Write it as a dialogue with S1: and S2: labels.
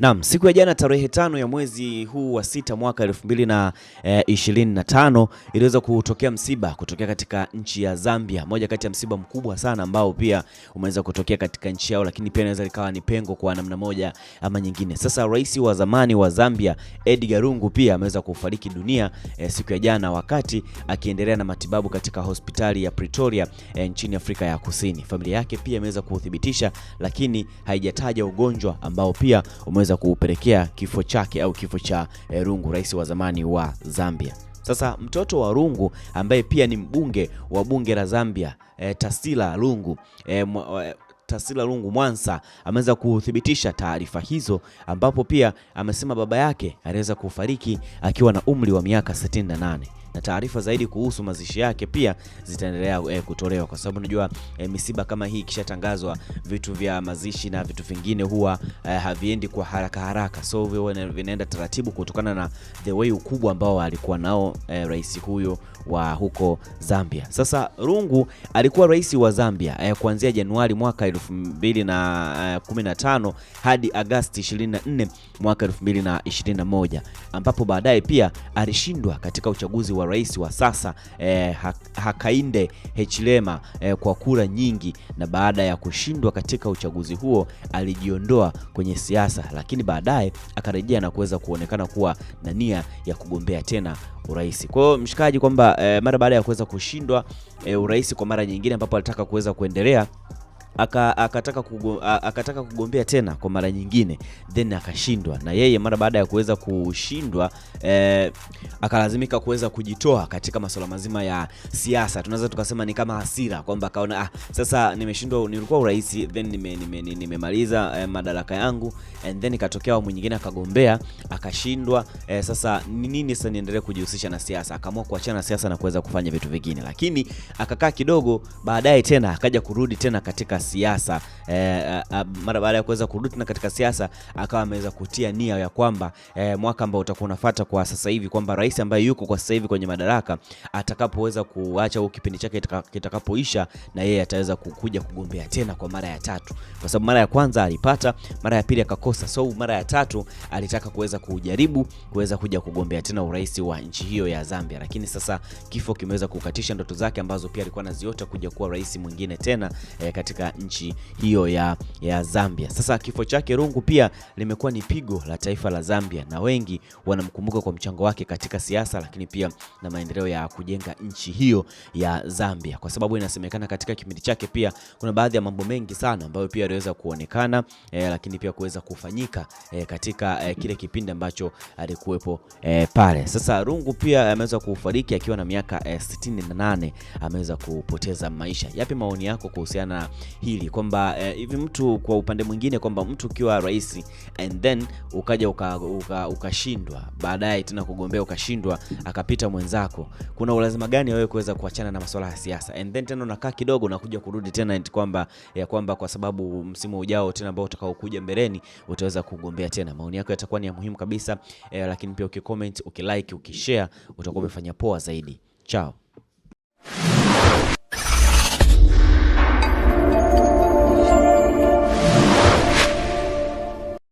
S1: Naam, siku ya jana tarehe tano ya mwezi huu wa sita mwaka elfu mbili na eh, ishirini na tano iliweza kutokea msiba kutokea katika nchi ya Zambia, moja kati ya msiba mkubwa sana ambao pia umeweza kutokea katika nchi yao, lakini pia inaweza likawa ni pengo kwa namna moja ama nyingine. Sasa rais wa zamani wa Zambia Edgar Lungu pia ameweza kufariki dunia e, siku ya jana wakati akiendelea na matibabu katika hospitali ya Pretoria e, nchini Afrika ya Kusini. Familia yake pia imeweza kuuthibitisha, lakini haijataja ugonjwa ambao pia umeweza kuweza kupelekea kifo chake au kifo cha e, eh, Lungu, rais wa zamani wa Zambia. Sasa mtoto wa Lungu ambaye pia ni mbunge wa bunge la Zambia e, Tasila Lungu e, eh, Tasila Lungu Mwansa ameweza kuthibitisha taarifa hizo, ambapo pia amesema baba yake aliweza kufariki akiwa na umri wa miaka 68 na taarifa zaidi kuhusu mazishi yake pia zitaendelea e, kutolewa kwa sababu najua e, eh, misiba kama hii ikishatangazwa vitu vya mazishi na vitu vingine huwa e, haviendi kwa haraka haraka, so vinaenda taratibu kutokana na the way ukubwa ambao alikuwa nao e, rais huyo wa huko Zambia. Sasa Lungu alikuwa rais wa Zambia e, kuanzia Januari mwaka 2015 hadi Agasti 24 mwaka 2021 ambapo baadaye pia alishindwa katika uchaguzi wa rais wa sasa eh, Hakainde Hichilema eh, kwa kura nyingi, na baada ya kushindwa katika uchaguzi huo alijiondoa kwenye siasa, lakini baadaye akarejea na kuweza kuonekana kuwa na nia ya kugombea tena urais. Kwa hiyo mshikaji, kwamba eh, mara baada ya kuweza kushindwa eh, urais kwa mara nyingine, ambapo alitaka kuweza kuendelea aka, akataka, kugo, aka kugombea tena kwa mara nyingine then akashindwa, na yeye mara baada ya kuweza kushindwa eh, akalazimika kuweza kujitoa katika masuala mazima ya siasa. Tunaweza tukasema ni kama hasira kwamba akaona ah, sasa nimeshindwa, nilikuwa urais then nimemaliza nime, nime eh, madaraka yangu and then ikatokea awamu nyingine akagombea akashindwa. Eh, sasa ni nini sasa niendelee kujihusisha na siasa? Akaamua kuachana na siasa na kuweza kufanya vitu vingine, lakini akakaa kidogo, baadaye tena akaja kurudi tena katika siasa eh, eh, eh, mara baada ya kuweza kurudi na katika siasa akawa ameweza kutia nia ya kwamba e, mwaka ambao utakuwa unafuata kwa sasa hivi kwamba rais ambaye yuko kwa sasa hivi kwenye madaraka atakapoweza kuacha huo kipindi chake kitakapoisha, na yeye ataweza kukuja kugombea tena kwa mara ya tatu, kwa sababu mara ya kwanza alipata, mara ya pili akakosa, so mara ya tatu alitaka kuweza kujaribu kuweza kuja kugombea tena urais wa nchi hiyo ya Zambia, lakini sasa kifo kimeweza kukatisha ndoto zake ambazo pia alikuwa anaziota kuja kuwa rais mwingine tena e, katika nchi hiyo ya, ya Zambia. Sasa kifo chake Lungu pia limekuwa ni pigo la taifa la Zambia na wengi wanamkumbuka kwa mchango wake katika siasa, lakini pia na maendeleo ya kujenga nchi hiyo ya Zambia, kwa sababu inasemekana katika kipindi chake pia kuna baadhi ya mambo mengi sana ambayo pia aliweza kuonekana eh, lakini pia kuweza kufanyika eh, katika eh, kile kipindi ambacho alikuwepo eh, pale. Sasa Lungu pia ameweza kufariki akiwa na miaka eh, 68, ameweza kupoteza maisha. Yapi maoni yako kuhusiana na hili kwamba eh, hivi eh, mtu kwa upande mwingine kwamba mtu ukiwa rais and then ukaja ukashindwa uka, uka baadaye tena kugombea ukashindwa, akapita mwenzako, kuna ulazima gani wewe kuweza kuachana na masuala ya siasa and then tena unakaa kidogo na kuja kurudi tena kwamba ya kwamba kwa sababu msimu ujao tena ambao utakaokuja mbeleni utaweza kugombea tena. Maoni yako yatakuwa ni ya muhimu kabisa eh, lakini pia ukicomment, ukilike, ukishare utakuwa umefanya poa zaidi. Chao.